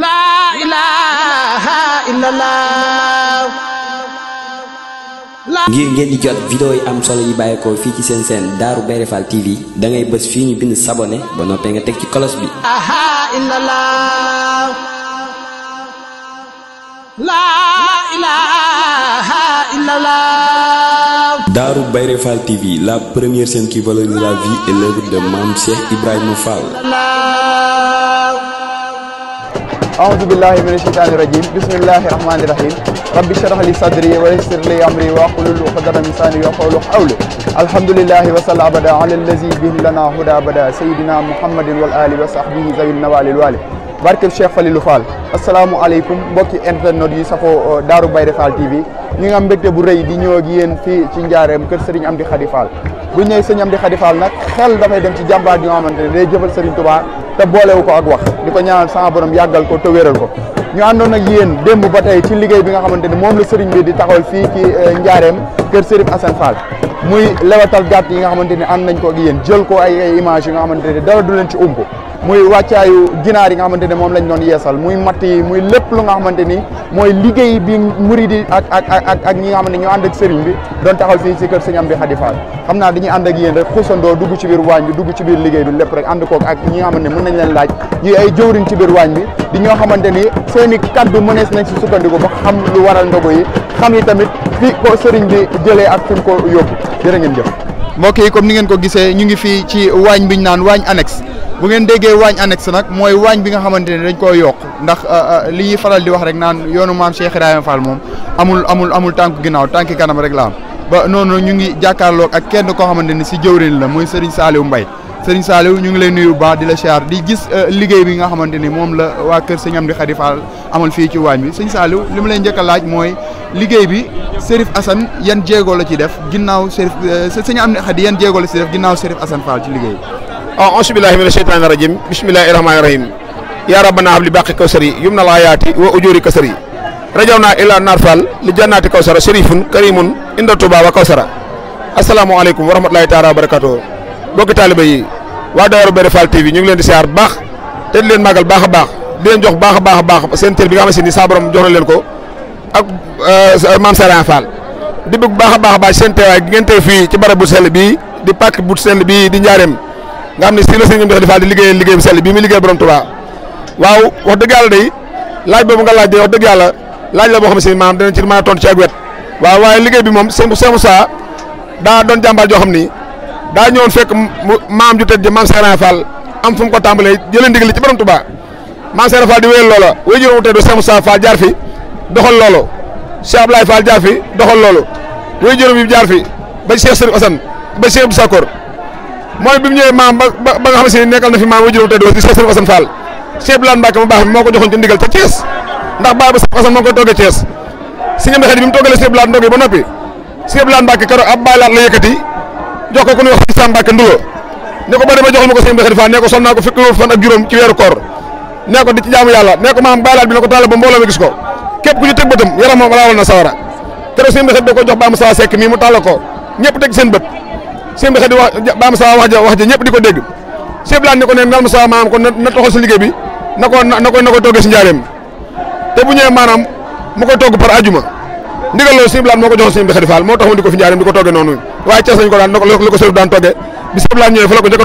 laa ilaaha ngir ngeen di jot vidéo yi am solo yi bàyyeekoo fii ci seen seen daaru Bairé Fall TV da bës fii ñu bind sabonné ba noppee nga teg ci kolos bi. Darou Bairé Fall TV la première chaîne qui valorise la vie et l'œuvre de Mame Cheikh أعوذ بالله من الشيطان الرجيم بسم الله الرحمن الرحيم رب اشرح لي صدري ويسر لي أمري واحلل عقدة من لساني يفقهوا قولي الحمد لله وصلى على الذي به لنا هدى أبدا سيدنا محمد والآل وصحبه زي النوال الوالي barkeb Cheikh Falilou Fall asalaamualeykum mbokki internet yi safoo euh, Daaru Bairé Fall TV ñu nga am mbégte bu rëy di ñëw ak yéen ci njaareem kër Serigne Amdi Khady faal bu ñëwee Serigne Amdi Khady Fall nag xel dafay dem ci jàmbaar yi nga xamante ne day jëfal Serigne Touba te boolewu ko ak wax di ko ñaanal sama borom yàggal ko te wéral ko ñu àndoon ak yéen démb ba tey ci liggéey bi nga xamante ne moom la Serigne bi di taxawal fii ci euh, njaareem kër Serigne Assane Fall muy lewatal gàtt yi nga xamante ne ànd nañ ko yéen jël ko ay images yi nga xamante ne dara du leen ci ump muy wàccaayu ginaar yi nga xamante ne moom lañ doon yeesal muy matt yi muy lépp lu nga xamante ni mooy liggéey bi murid yi ak ak ak ak ñi nga xam ne ñoo ànd ak sëriñ bi doon taxaw fii si kër sëñ Amdy Khady Fall xam naa dañuy ànd ak yéen rek xusandoo dugg ci biir waañ bi dugg ci biir liggéey bi lépp rek ànd koog ak ñi nga xam ne mën nañ leen laaj ñuy ay jëwriñ ci biir waañ bi di ñoo xamante ni seen i kaddu mënees nañ si sukkandiku ba xam lu waral ndogu yi xam yi tamit fi ko sëriñ bi jëlee ak fi mu jërë ngeen jëf mbokk yi comme ni ngeen ko gisee ñu ngi fii ci waañ bi ñu naan waañ annexe bu ngeen déggee waañ annexe nag mooy waañ bi nga xamante ne dañ koo yokk ndax euh, euh, li ñuy faral di wax rek naan yoonu maam Cheikh Ibrahima moom amul amul amul tànk ginnaaw tànki kanam rek la am ba noonu ñu ngi jàkkaarloog ak kenn koo xamante ni si jëwrin la muy Serigne Saliou mbay Serigne Saliou ñu ngi leen nuyu bu baax di la siyaar di gis euh, liggéey bi nga xamante ni moom la waa kër Serigne Amdy Khady Fall amal fii ci waañ bi sëñ Saliou li mu lay njëkk laaj mooy liggéey bi Serif Assane yan jéego la ci def ginnaaw Serif euh, sëñ Amdy Khady yan jéego la ci def ginnaaw Serif Assane Fall ci liggéey bi. waaw auzu billaahi mina sheytaani rajim bismillaahi rahmaani rahim yaa rabbana hab li baqi kawsari yumna laa yaati wa ujuri kasari rajawnaa ilaa naar fall li jannaati kawsara sharifun karimun inda tuba wa kawsara asalaamaaleykum wa rahmatulahi taala wa barakatuh bokki taaliba yi waa Daara ñu ngi leen di siyaar baax te di leen màggal baax a baax di jok jox baax a baax a baax bi nga xamante ni borom ko ak euh, mam Serigne Fall di bëgg baax a baax sen baax seen teewaay gi ngeen tey fii ci barab bu sell di pak bu sell bii di njaareem nga xam ne si la di Fall di liggéey liggéeyam sell bi mi liggéey borom Tuubaa waaw wax dëgg yàlla day laaj boobu nga laaj day wax dëgg yàlla laaj la boo xam mam si ci mën tontu ci ak wet waaw bi mom sen Sëñ Moussa da don jamba jo xam ni daa ñëwoon fekk mam ju tedd ji maam Serigne Fall am fu ko tàmbalee jëlee ndigal ci borom tuba maam Seera Fall di wéyal loola wéy juróom tey du Cheikh Moussa Fall jaar fi doxal lolo Cheikh Abdoulaye Fall jaar fi doxal lolo wéy juróom yi jaar fi ba Cheikh Serigne Assane ba Cheikh Abdou Sakor moy bimu mu maam ba nga xamanteni nekkal na fi maam wéy juróom tey du Cheikh Serigne Assane Fall Cheikh Abdoulaye Mbacke mu baax moko joxon ci ndigal ca Thiès ndax baabu Cheikh Assane moko koy toggee Thiès si nga mbexee bi mu toggalee Cheikh Abdoulaye Mbacke ba nopi Cheikh Abdoulaye Mbacke karo ab baay la yëkëti jox ko ku ñu wax Cheikh Mbacke Ndulo ne ko ba demee joxal mako ko si nga Fall ne ko sonn naa ko fukki fan ak juroom ci wéru koor neko di ci jaamu yalla neko ko maam bàyyi bi ne talal ba mbolo mi gis ko kep ku ci teg bëtam yaram mom laawal na sawara keroog sëñ bi xet da ko jox Bamba Sawa sek mi mu tàlla ko ñëpp seen beut Sawa wax ja wax ja diko ne ngal ma maam ko na taxo si liggéey bi nako nako nako ko ci ko te bu ñewé manam mu ko togg par ajuma ndigal lo sëñ bi moko jox ko joxoon sëñ mo taxo diko fi njaareem diko ko nonu way ci ko daan nako lako daan bi ñewé fa lako jëk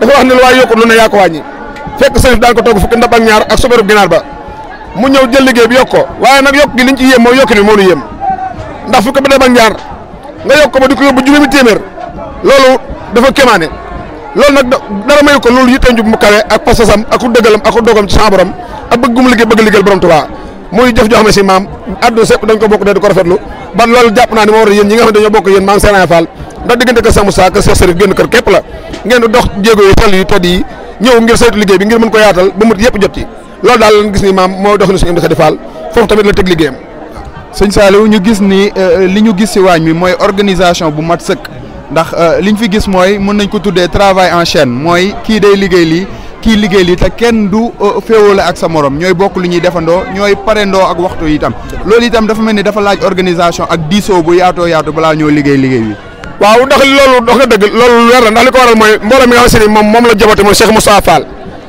dafa wax ne lu ne ya ko wañi fekk sëriñ dal ko togu fukki ndab ak ñaar ak sobeerub ginaar ba mu ñew jël liggéey bi yok ko waye nak yok gi liñ ci yem mo yok ni mo lu yem ndax fukki ndab ak ñaar nga yok ko ba diko yobbu juroomi juróomi lolu dafa kemané lolu nak dara may ko lolu yitteem mu kawé ak passasam ak ku dëggalam ak ku dogam ci sa borom ak bëgg mu bëgg liggéeyal borom tuba moy jëf jox ma ci maam àdduna dañ ko bokk dee ko rafetlu ban lolu japp na ni mo wara yeen yéen ñi nga xam ne bokk yéen maam Serigne Fall ndax diggante kër Cheikh Moussa kër Cheikh Serif génn kër képp la ngeen di dox jéego yi xel yi todd yi ñëw ngir saytu liggéey bi ngir mën ko yaatal ba mut yëpp jot ci loolu daal lan gis ni maam moo dox ni suñu am di xadi faal foofu tamit la teg liggéeyam sëñ Saliou ñu gis ni euh, li ñu gis si waañ wi mooy organisation bu mat sëkk ndax euh, li ñu fi gis mooy mën nañ ko tuddee travail en chaîne mooy kii day liggéey lii kii liggéey lii te kenn du euh, féewale ak sa morom ñooy bokk lu ñuy defandoo ñooy parendoo ak waxtu itam loolu itam dafa mel ni dafa laaj organisation ak diisoo bu yaatoo yaatu balaa liggéey liggéey bi waaw ndax loolu wax nga dëgg loolu leer na ndax li ko waral mooy mbooloo mi nga xam ne moom moom la jabate mooy Cheikh Moussa Fall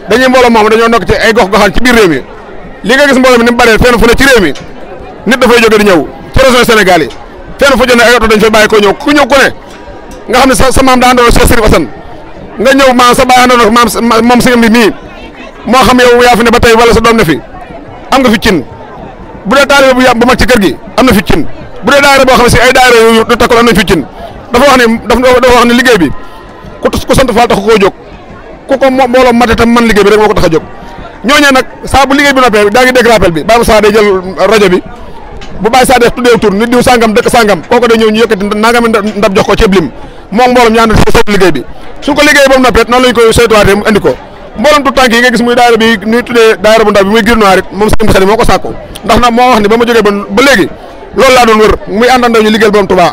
dañuy mbooloo moom dañoo nekk ci ay gox goxaan ci biir réew mi li nga gis mbooloo mi ni mu bëree fenn fu ne ci réew mi nit dafay jóge di ñëw ci région Sénégal yi fenn fu jënd ay oto dañ fa bàyyi ko ñëw ku ñëw ku ne nga xam ne sa sa maam daa andoona Cheikh Assane nga ñëw maam sa baay maam moom bi moo xam yow yaa fi ne ba tey wala sa doom ne fi am nga fi cin bu dee taalibe ya, bu mag ci kër gi am na fi cin bu dee daayira boo xam ne si ay yu takkul am fi cin dafa wax ne dafa wax ne liggéey bi ku sant Fall tax koo jóg ku ko mbooloo mate man liggéey bi rek moo ko tax a jóg ñooñee bu liggéey bi noppee daa ngi dégg rappel bi baabu saa day jël rajo bi bu bàyyi saa def tuddee tur nit diw sàngam dëkk sàngam kooku day ñëw ñu yëkkati nangami ndab jox ko ceeb ñaan bi su ko liggéey ba mu noppee lañ koy saytuwaatee mu andi tu tànk nga gis muy daayira bi ñuy tuddee daayira bu ndaw bi muy gir noir it bi moo ko ndax wax ni ba doon wër muy ñu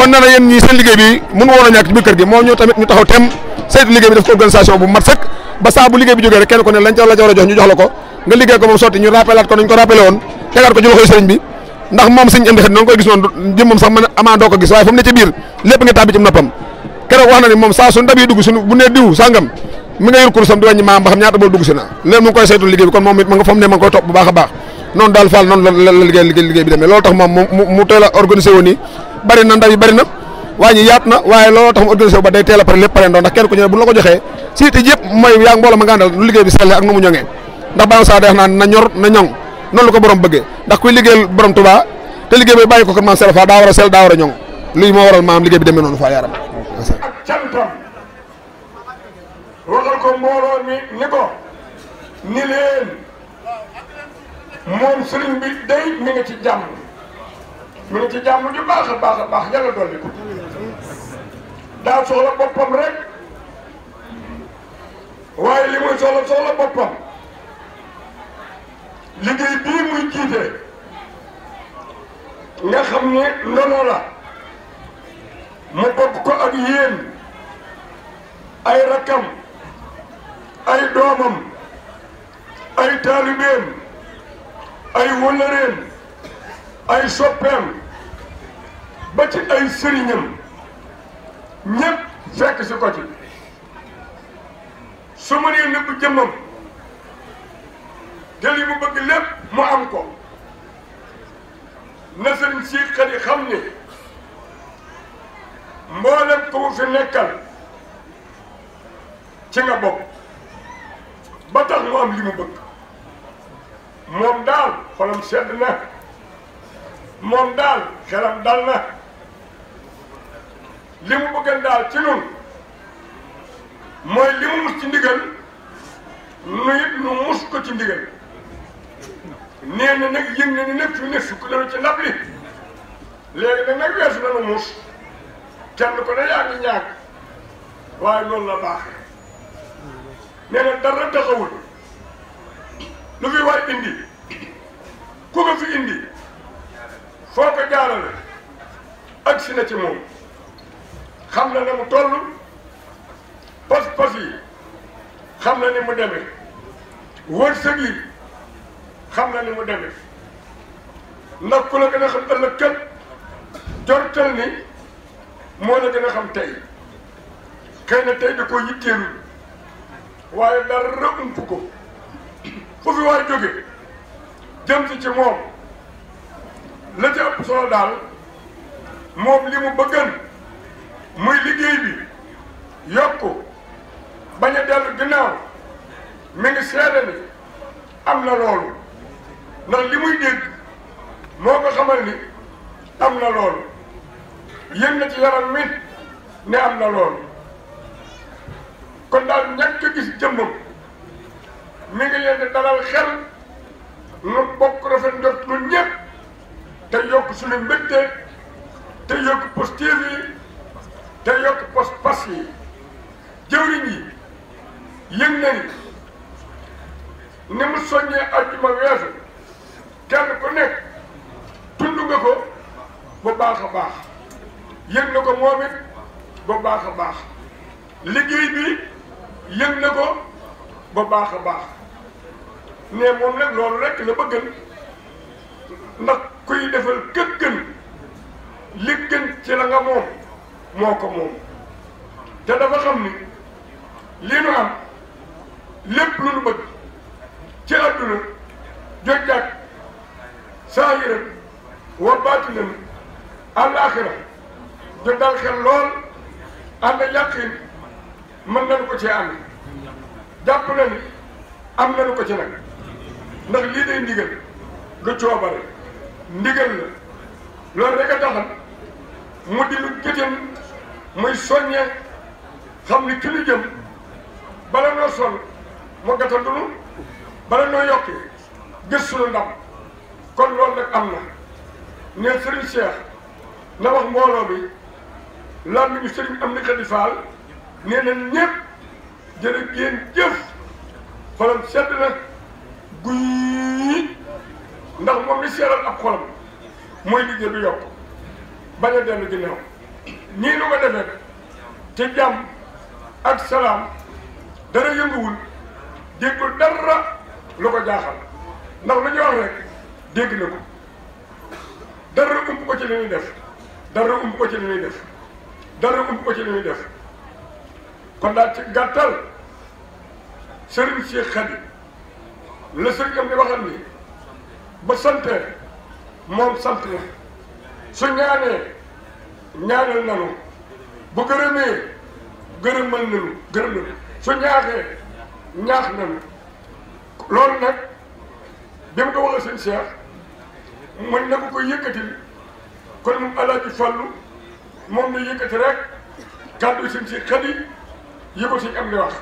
kon na yeen ñi seen liggey bi mënu woon a ñàkk ci bi kër gi mo ñu tamit ñu taxaw tem seen liggey bi daf ko organisation bu mat sëkk ba sa bu liggey bi jógee rek kenn ko ne lañ ci la ca jox ñu jox la ko nga liggey ko moom soti ñu rappelat ko ñu ko rappelé won tégal ko ju waxe seen bi ndax mom seen indi xet noonu koy gis noonu jëm moom sax man ama do ko gis way fu ne ci bir lepp nga tabbi ci nopam kéro wax na ni mom sa su ndab yi dugg suñu bu ne diw sangam mi nga yor kurusam di wàññi ma ba xam ñaata bo dugg si na mu koy seytu liggey bi kon moom it ma nga fam ne ma ko top bu baaxa baax non dal fal non la la liggéey bi demé lo tax mom mu mu teel a bari na ndaw yi bari na waa yat na waye lo tax mu organiser ba day téla lepp ndax kenn ku ñu bu la ko si te yëpp mooy ma ngandal lu nu bi selle ak numu ñongé ndax ba sa def na na ñor na ñong non lu ko borom bëggee ndax kuy liggéeyal borom Tuubaa té liggéey bi bayiko ko sel fa da wara sel da wara ñong waral maam bi demé non fa yaram moom sëriñ bi day mi ngi ci jàmm mi ngi ci jàmm ju baax a baax a baax yàlla dolli ko daa soxla boppam rek waaye li muy soxla soxla boppam liggéey bii muy jiite nga xam ne ndono la mu bokk ko ak yéen ay rakkam ay doomam ay taalibeem ay wëllëreem ay soppeem ba ci ay sëriñam ñëpp fekk si ko ci su ma nee nëbb jëmmam jël yi mu bëgg lépp mu am ko na sëriñ si xadi xam ni mboolem ko mu nekkal ci nga bopp ba tax mu am li mu bëgg moom daal xolam sedd na moom daal xelam dal na li mu bëggan daal ci nun mooy li mu mus ci ndigal nu it nu mus ko ci ndigal nee na nag yëg na ni nekk fi nekk sukk nanu ci ndab li léegi nag nag weesu nanu mus kenn ko ne yaa ngi ñàkk waaye loolu la baax nee na dara lu fi waay indi ku fi indi foo ko jaarale agsi na ci moom xam na ne mu toll pas-pas yi xam na ni mu demee wërsëg yi xam na ni mu demee ndax ku la gën a xam ëllëg kat jortal ni moo la gën a xam tey xëy na tey da koo yitteelu waaye dara ump ko bu fi jóge jëm si ci moom la ci ëpp solo daal moom li mu bëggan muy liggéey bi yokku bañ a dellu ginnaaw mi ngi seede ni am na loolu ndax li muy dégg moo ko xamal ni am na loolu yën na ci yaram mi ne am na loolu kon daal ñàkk gis jëmmam mi ngi leen di dalal xel nu bokk rafet njot ñun ñëpp te yokk suñu mbégte te yokk posture yi te yokk pos pas yi jëwriñ yi yëg nañ ni mu soññee àjjuma weesu kenn ku nekk tund ko ba baax a baax yëg na ko moom it baax a baax liggéey bi yëg na ko bu baax a baax ne moom nag loolu rek la bëggal ndax kuy defal kër gën li ci la moom moo ko moom te dafa xam ni lii nu am lépp lu nu bëgg ci àdduna jojjaat saahiran wa baatinan àllaaxira jot daal xel lool ànd yàqin mën nañu ko ci ànd jàpp na ni am nañu ko ci nag ndax lii de ndigal nga coobare ndigal la loolu rek a taxal mu di lu jëtam muy soññee xam ni ki lu jëm bala noo sol mu gàttandulu bala noo yokkee gis suñu ndam kon loolu nag am na ne Serigne Cheikh na wax mbooloo bi lan mi ñu am ni Khady Fall nee na ñëpp jërë ngeen jëf xolam sedd na guy ndax moom li seeral ab xolam mooy liggéey bi yokk bañ a dellu ginnaaw nii nu ko defee ci jàmm ak salaam dara yënguwul déggul dara lu ko jaaxal ndax lu ñu wax na ko dara ump ko ci li ñuy def dara ump ko ci li ñuy def dara ump ko ci li ñuy def kon daal ci sëriñ si Xadi le sëriñam di waxal ni ba sante moom sant na su ñaanee ñaanal nanu bu gërëmee gërëmal nanu gërëm nanu su ñaaxee ñaax nanu loolu nag bi mu ko wax seen Cheikh mën na ko koy yëkkatil kon moom Alaaji Fàllu moom la yëkkati rek kàddu seen si xel yi yi ko suñ am ni wax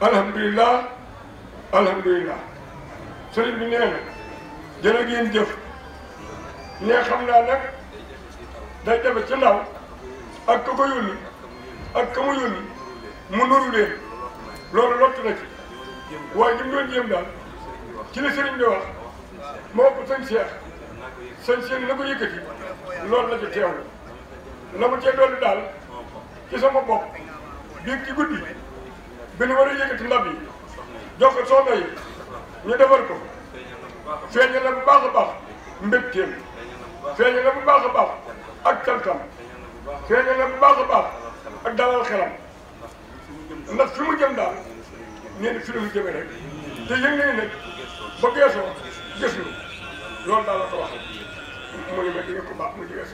alhamdulilah alhamdulilah sëriñ bi nee na jërë jëf ne xam naa nag day jafe ci ndaw ak ka ko yónni ak ka mu mu nuru leen loolu lott na ci waaye li doon jéem daal ci la sëriñ bi wax moo ko sëñ Cheikh na ko yëkkati loolu la ci teewlu la mu cee dolli daal ci sama bopp biig ci guddi bi nu war a yëkkati ndab yi jox ko soxna yi ñu defar ko feeñal na bu baax a baax mbégteem feeñal na bu baax a baax ak cantam feeñal na bu baax a baax ak dalal xelam ndax fi mu jëm daal nee na fi la fi te yëg nañu nag ba geesoo gis ñu loolu daal la mu ne ma dégg ko baax mu jege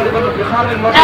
طالبا افتخار المرء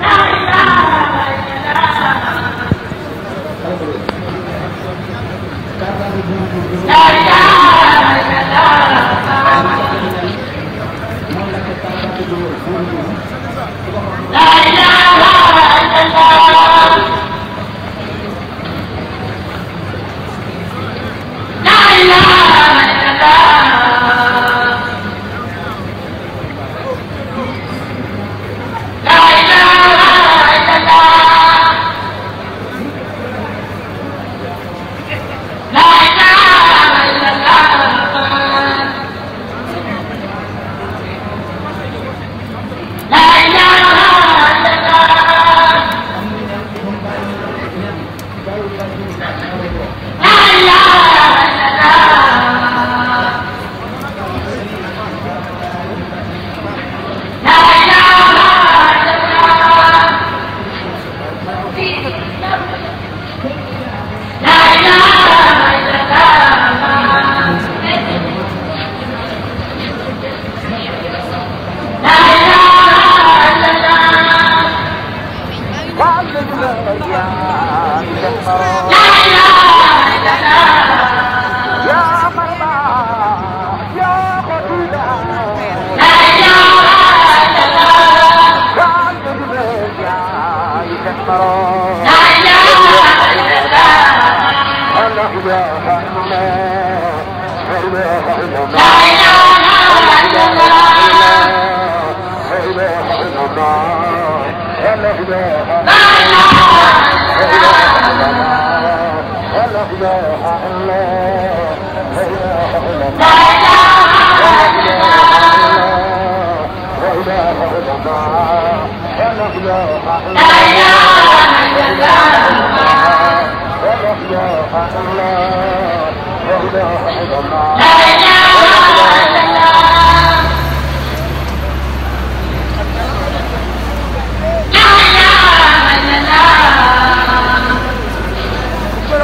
啊！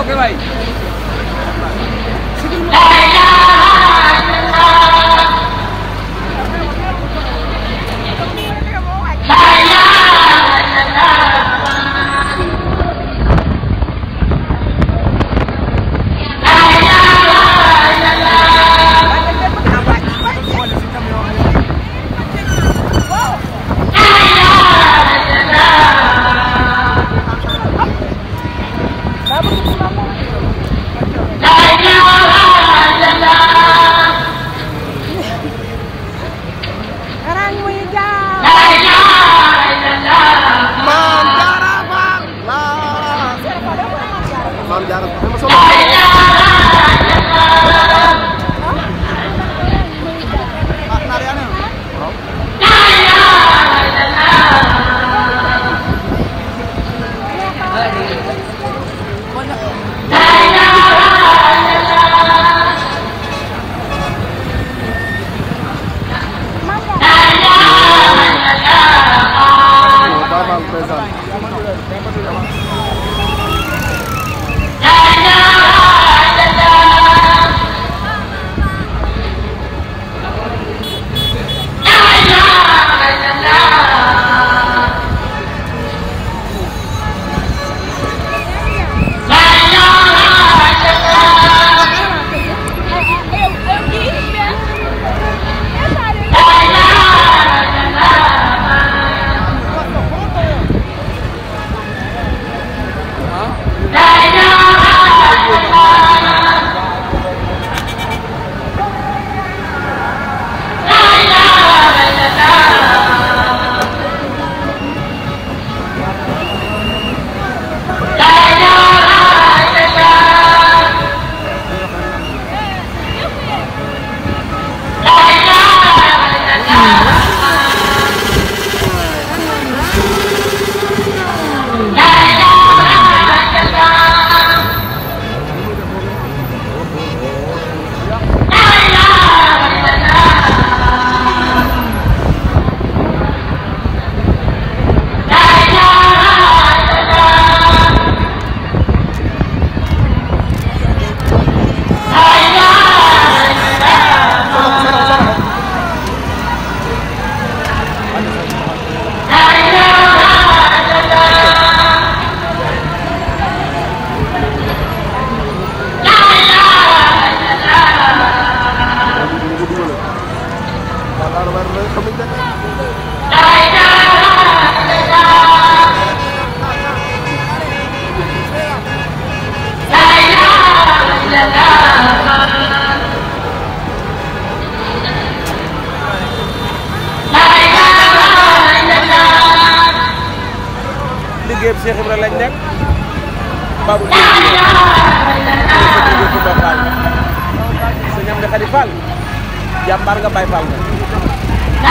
que vai. Senyam dekat di fal. Jambar ke baifal. La